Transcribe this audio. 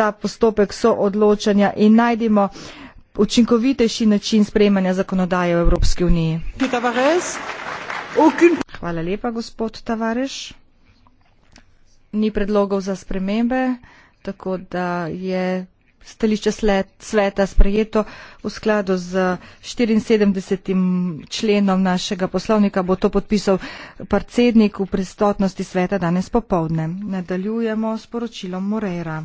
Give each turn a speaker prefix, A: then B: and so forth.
A: ta postopek soodločanja in najdimo učinkovitejši način sprejemanja zakonodaje v Evropski uniji. Hvala lepa, gospod Tavareš. Ni predlogov za spremembe, tako da je stališče sveta sprejeto v skladu z 74. členom našega poslovnika. Bo to podpisal predsednik v prisotnosti sveta danes popovdne.
B: Nadaljujemo s poročilom
A: Morera.